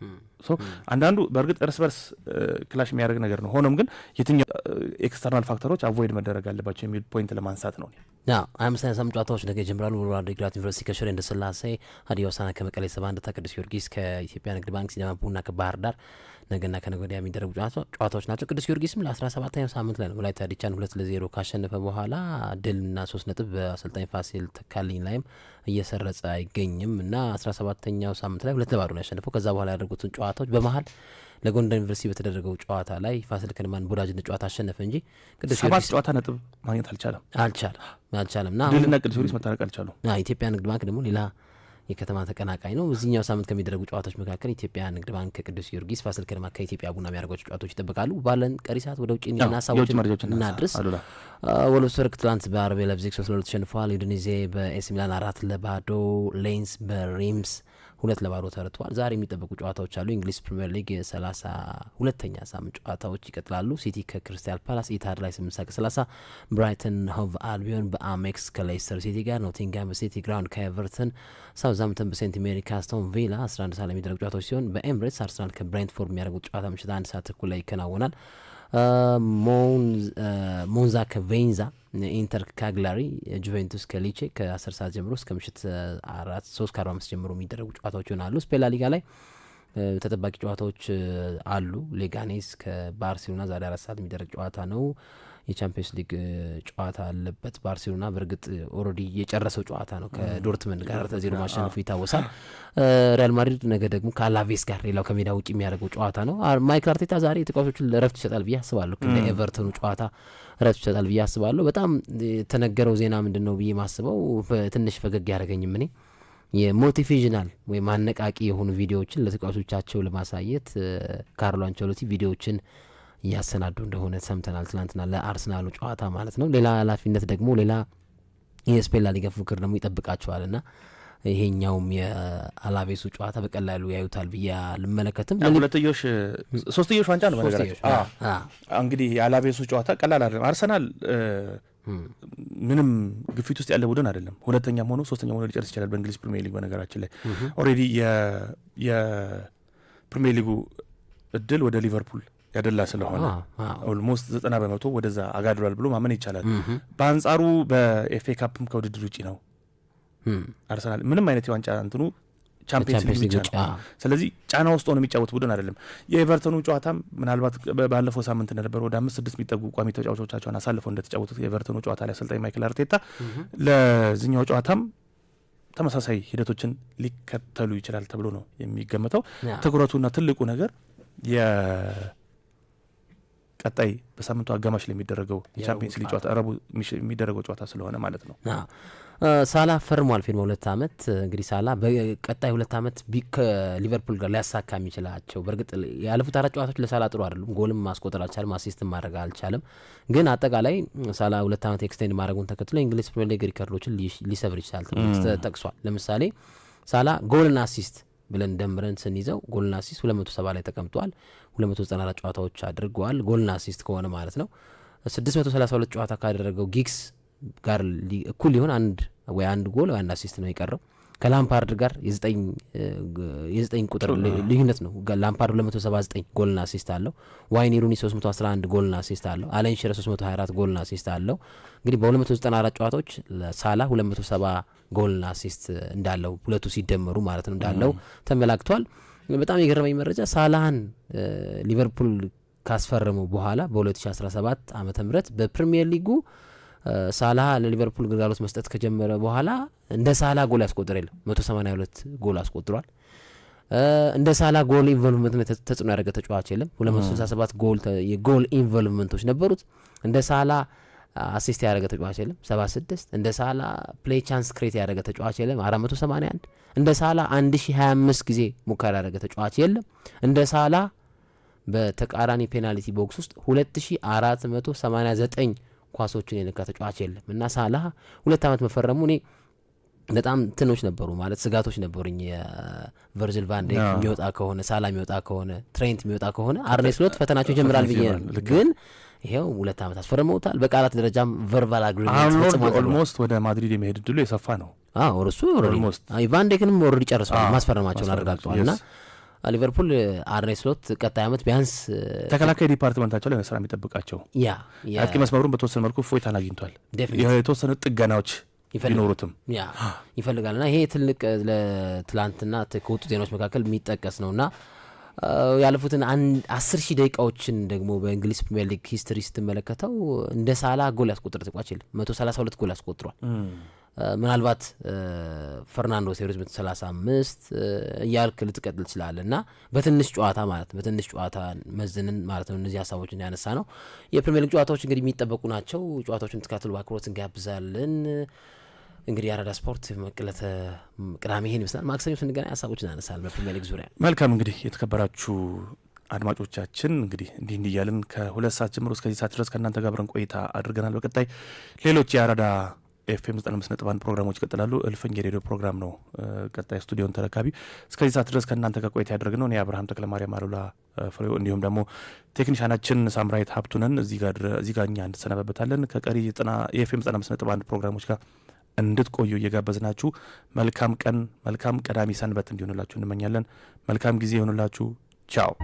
Hmm. Hmm. አንዳንዱ በእርግጥ እርስ በርስ uh, ክላሽ የሚያደርግ ነገር ነው። ሆኖም ግን የትኛው ኤክስተርናል ፋክተሮች አቮይድ መደረግ አለባቸው የሚል ፖይንት ለማንሳት ነው። ሀያ አምስተኛ ሳምንት ጨዋታዎች ነገ ይጀምራሉ። ወልዋሎ ዩኒቨርሲቲ ከሽሬ እንዳስላሴ፣ ሀዲያ ሆሳዕና ከመቀሌ ሰባ እንደርታ፣ ቅዱስ ጊዮርጊስ ከኢትዮጵያ ንግድ ባንክ፣ ሲዳማ ቡና ከባህር ዳር ነገና ከነገ ወዲያ የሚደረጉ ጨዋታዎች ናቸው። ቅዱስ ጊዮርጊስም ለ 17 ሳምንት ላይ ነው ወላይታ ዲቻን ሁለት ለዜሮ ካሸነፈ በኋላ ድልና ሶስት ነጥብ በአሰልጣኝ ፋሲል ተካልኝ ላይም እየሰረጸ አይገኝም እና 17ኛው ሳምንት ላይ ሁለት ለባዶ ነው ያሸነፈው። ከዛ በኋላ ያደረጉትን ጨዋታ ጨዋታዎች በመሀል ለጎንደር ዩኒቨርሲቲ በተደረገው ጨዋታ ላይ ፋሲል ከነማን በወዳጅነት ጨዋታ አሸነፈ እንጂ ቅዱስ ጨዋታ ነጥብ ማግኘት አልቻለም አልቻለም አልቻለም ና ድልና ቅዱስ ጊዮርጊስ መታረቅ አልቻሉም። ኢትዮጵያ ንግድ ባንክ ደግሞ ሌላ የከተማ ተቀናቃኝ ነው። እዚህኛው ሳምንት ከሚደረጉ ጨዋታዎች መካከል ኢትዮጵያ ንግድ ባንክ ከቅዱስ ጊዮርጊስ፣ ፋሲል ከነማ ከኢትዮጵያ ቡና የሚያደርጓቸው ጨዋታዎች ይጠበቃሉ። ባለን ቀሪ ሰዓት ወደ ውጭ ና ሀሳቦች እናድርስ። ወልፍስበርግ ትላንት በአርቤ ላይፕዚግ ሶስት ለሁለት ተሸንፈዋል። ዩዲኔዜ በኤሲ ሚላን አራት ለባዶ ሌንስ በሪምስ ሁለት ለባዶ ተረቷል። ዛሬ የሚጠበቁ ጨዋታዎች አሉ። እንግሊዝ ፕሪምየር ሊግ የሰላሳ ሁለተኛ ሳምንት ጨዋታዎች ይቀጥላሉ። ሲቲ ከክሪስታል ፓላስ፣ ኢታድ ላይ ስምንት ሰዓት ሰላሳ ብራይተን ሆቭ አልቢዮን በአሜክስ ከሌስተር ሲቲ ጋር፣ ኖቲንጋም በሲቲ ግራውንድ ከኤቨርተን፣ ሳውዛምተን በሴንት ሜሪ ከአስቶን ቪላ 11 ሰዓት የሚደረጉ ጨዋታዎች ሲሆን በኤምሬትስ አርሰናል ከብሬንትፎርድ የሚያደርጉት ጨዋታ ምሽት አንድ ሰዓት ተኩል ላይ ይከናወናል። ሞንዛ ከቬንዛ ኢንተር ካግላሪ፣ ጁቬንቱስ ከሊቼ ከ10 ሰዓት ጀምሮ እስከ ምሽት 4 3 ከ45 ጀምሮ የሚደረጉ ጨዋታዎች ይሆናሉ። ስፔን ላሊጋ ላይ ተጠባቂ ጨዋታዎች አሉ። ሌጋኔስ ከባርሴሎና ዛሬ አራት ሰዓት የሚደረግ ጨዋታ ነው። የቻምፒዮንስ ሊግ ጨዋታ አለበት። ባርሴሎና በእርግጥ ኦልሬዲ የጨረሰው ጨዋታ ነው ከዶርትመንድ ጋር ተዜሮ ማሸነፉ ይታወሳል። ሪያል ማድሪድ ነገ ደግሞ ከአላቬስ ጋር ሌላው ከሜዳ ውጭ የሚያደርገው ጨዋታ ነው። ማይክል አርቴታ ዛሬ ተጫዋቾችን ረፍት ይሰጣል ብዬ አስባለሁ። ለኤቨርተኑ ጨዋታ ረፍት ይሰጣል ብዬ አስባለሁ። በጣም የተነገረው ዜና ምንድን ነው ብዬ ማስበው ትንሽ ፈገግ ያደረገኝም እኔ የሞቲቬዥናል ወይም አነቃቂ የሆኑ ቪዲዮዎችን ለተጫዋቾቻቸው ለማሳየት ካርሎ አንቸሎቲ ቪዲዮዎችን እያሰናዱ እንደሆነ ሰምተናል። ትናንትና ለአርሰናሉ ጨዋታ ማለት ነው። ሌላ ኃላፊነት ደግሞ ሌላ የስፔን ላሊጋ ፉክክር ደግሞ ይጠብቃቸዋል እና ይሄኛውም የአላቬሱ ጨዋታ በቀላሉ ያዩታል ብዬ አልመለከትም። ሁለትዮሽ ሶስትዮሽ ዋንጫ ነው። በነገራችን እንግዲህ የአላቬሱ ጨዋታ ቀላል አይደለም። አርሰናል ምንም ግፊት ውስጥ ያለ ቡድን አይደለም። ሁለተኛም ሆኖ ሶስተኛም ሆኖ ሊጨርስ ይችላል በእንግሊዝ ፕሪሚየር ሊግ። በነገራችን ላይ ኦልሬዲ የፕሪሚየር ሊጉ እድል ወደ ሊቨርፑል ያደላ ስለሆነ ኦልሞስት ዘጠና በመቶ ወደዛ አጋድሏል ብሎ ማመን ይቻላል። በአንጻሩ በኤፌ ካፕም ከውድድር ውጭ ነው አርሰናል ምንም አይነት የዋንጫ እንትኑ ስለዚህ ጫና ውስጥ ሆኖ የሚጫወት ቡድን አይደለም። የኤቨርተኑ ጨዋታም ምናልባት ባለፈው ሳምንት እንደነበረ ወደ አምስት ስድስት የሚጠጉ ቋሚ ተጫዋቾቻቸውን አሳልፈው እንደተጫወቱት የኤቨርተኑ ጨዋታ ላይ አሰልጣኝ ማይክል አርቴታ ለዚኛው ጨዋታም ተመሳሳይ ሂደቶችን ሊከተሉ ይችላል ተብሎ ነው የሚገመተው። ትኩረቱና ትልቁ ነገር ቀጣይ በሳምንቱ አጋማሽ ላይ የሚደረገው የቻምፒየንስ ሊግ ጨዋታ ረቡ የሚደረገው ጨዋታ ስለሆነ ማለት ነው። ሳላ ፈርሟል ፊልም ሁለት ዓመት እንግዲህ ሳላ በቀጣይ ሁለት ዓመት ከሊቨርፑል ጋር ሊያሳካ የሚችላቸው በእርግጥ ያለፉት አራት ጨዋታዎች ለሳላ ጥሩ አይደሉም። ጎልም ማስቆጠር አልቻለም፣ አሲስት ማድረግ አልቻለም። ግን አጠቃላይ ሳላ ሁለት ዓመት ኤክስቴንድ ማድረጉን ተከትሎ እንግሊዝ ፕሪሚየር ሊግ ሪከርዶችን ሊሰብር ይችላል ተጠቅሷል። ለምሳሌ ሳላ ጎልና አሲስት ብለን ደምረን ስንይዘው ጎልና አሲስት 270 ላይ ተቀምጧል። 294 ጨዋታዎች አድርገዋል። ጎልና አሲስት ከሆነ ማለት ነው 632 ጨዋታ ካደረገው ጊግስ ጋር እኩል ሊሆን አንድ ወይ አንድ ጎል አንድ አሲስት ነው የቀረው። ከላምፓርድ ጋር የዘጠኝ ቁጥር ልዩነት ነው። ላምፓርድ 279 ጎልና አሲስት አለው። ዋይን ሩኒ 311 ጎልና አሲስት አለው። አለን ሽረ 324 ጎልና አሲስት አለው። እንግዲህ በ294 ጨዋታዎች ሳላ 270 ጎልና አሲስት እንዳለው ሁለቱ ሲደመሩ ማለት ነው እንዳለው ተመላክቷል። በጣም የገረመኝ መረጃ ሳላህን ሊቨርፑል ካስፈረሙ በኋላ በ2017 ዓ ም በፕሪሚየር ሊጉ ሳላ ለሊቨርፑል ግልጋሎት መስጠት ከጀመረ በኋላ እንደ ሳላ ጎል ያስቆጥር የለም። 182 ጎል አስቆጥሯል። እንደ ሳላ ጎል ኢንቮልቭመንት ተጽዕኖ ያደረገ ተጫዋች የለም። 267 ጎል የጎል ኢንቮልቭመንቶች ነበሩት። እንደ ሳላ አሲስት ያደረገ ተጫዋች የለም 76። እንደ ሳላ ፕሌይ ቻንስ ክሬት ያደረገ ተጫዋች የለም 481። እንደ ሳላ 1025 ጊዜ ሙከራ ያደረገ ተጫዋች የለም። እንደ ሳላ በተቃራኒ ፔናልቲ ቦክስ ውስጥ 2489 ኳሶችን የነካ ተጫዋች የለም እና ሳላ ሁለት ዓመት መፈረሙ እኔ በጣም ትኖች ነበሩ ማለት ስጋቶች ነበሩኝ። ቨርጅል ቫን ዳይክ የሚወጣ ከሆነ ሳላ የሚወጣ ከሆነ ትሬንት የሚወጣ ከሆነ አርኔ ስሎት ፈተናቸው ይጀምራል ብዬ ግን ይሄው ሁለት ዓመት አስፈርመውታል። በቃላት ደረጃም ቨርባል አግሪመንት ኦልሞስት ወደ ማድሪድ የመሄድ እድሉ የሰፋ ነው። እሱ ኦልሞስት ቫን ዳይክንም ኦልሬዲ ጨርሰዋል፣ ማስፈረማቸውን አረጋግጠዋል እና ሊቨርፑል አርኔ ስሎት ቀጣይ አመት ቢያንስ ተከላካይ ዲፓርትመንታቸው ላይ ስራ የሚጠብቃቸው ያ አጥቂ መስመሩን በተወሰነ መልኩ እፎይታን አግኝቷል። የተወሰነ ጥገናዎች ይኖሩትም ይፈልጋል ና ይሄ ትልቅ ለትላንትና ከወጡ ዜናዎች መካከል የሚጠቀስ ነው እና ያለፉትን አስር ሺህ ደቂቃዎችን ደግሞ በእንግሊዝ ፕሪሚየር ሊግ ሂስትሪ ስትመለከተው እንደ ሳላ ጎል ያስቆጥር ተጫዋች መቶ ሰላሳ ሁለት ጎል ያስቆጥሯል። ምናልባት ፈርናንዶ ሴሪስ 135 እያልክ ልትቀጥል ትችላለ እና በትንሽ ጨዋታ ማለት በትንሽ ጨዋታ መዝንን ማለት ነው። እነዚህ ሀሳቦችን ያነሳ ነው። የፕሪሚየር ሊግ ጨዋታዎች እንግዲህ የሚጠበቁ ናቸው። ጨዋታዎችን ትካትሉ በአክብሮት እንጋብዛለን። እንግዲህ የአራዳ ስፖርት መቅለተ ቅዳሜ ይሄን ይመስላል። ማክሰኞ ስንገናኝ ሀሳቦችን ያነሳል በፕሪሚየር ሊግ ዙሪያ። መልካም እንግዲህ የተከበራችሁ አድማጮቻችን እንግዲህ እንዲህ እንዲህ እያልን ከሁለት ሰዓት ጀምሮ እስከዚህ ሰዓት ድረስ ከእናንተ ጋር አብረን ቆይታ አድርገናል። በቀጣይ ሌሎች የአራዳ ኤፍኤም 95.1 ፕሮግራሞች ይቀጥላሉ። እልፍኝ የሬዲዮ ፕሮግራም ነው። ቀጣይ ስቱዲዮን ተረካቢ እስከዚህ ሰዓት ድረስ ከእናንተ ጋር ቆይታ ነው እኔ አብርሃም ተክለማርያም፣ አሉላ ፍሬው እንዲሁም ደግሞ ቴክኒሻናችን ሳምራይት ሀብቱነን እዚህ ጋር እኛ እንሰነባበታለን። ከቀሪ የኤፍኤም 95.1 ፕሮግራሞች ጋር እንድትቆዩ እየጋበዝናችሁ መልካም ቀን መልካም ቀዳሚ ሰንበት እንዲሆንላችሁ እንመኛለን። መልካም ጊዜ ይሆንላችሁ። ቻው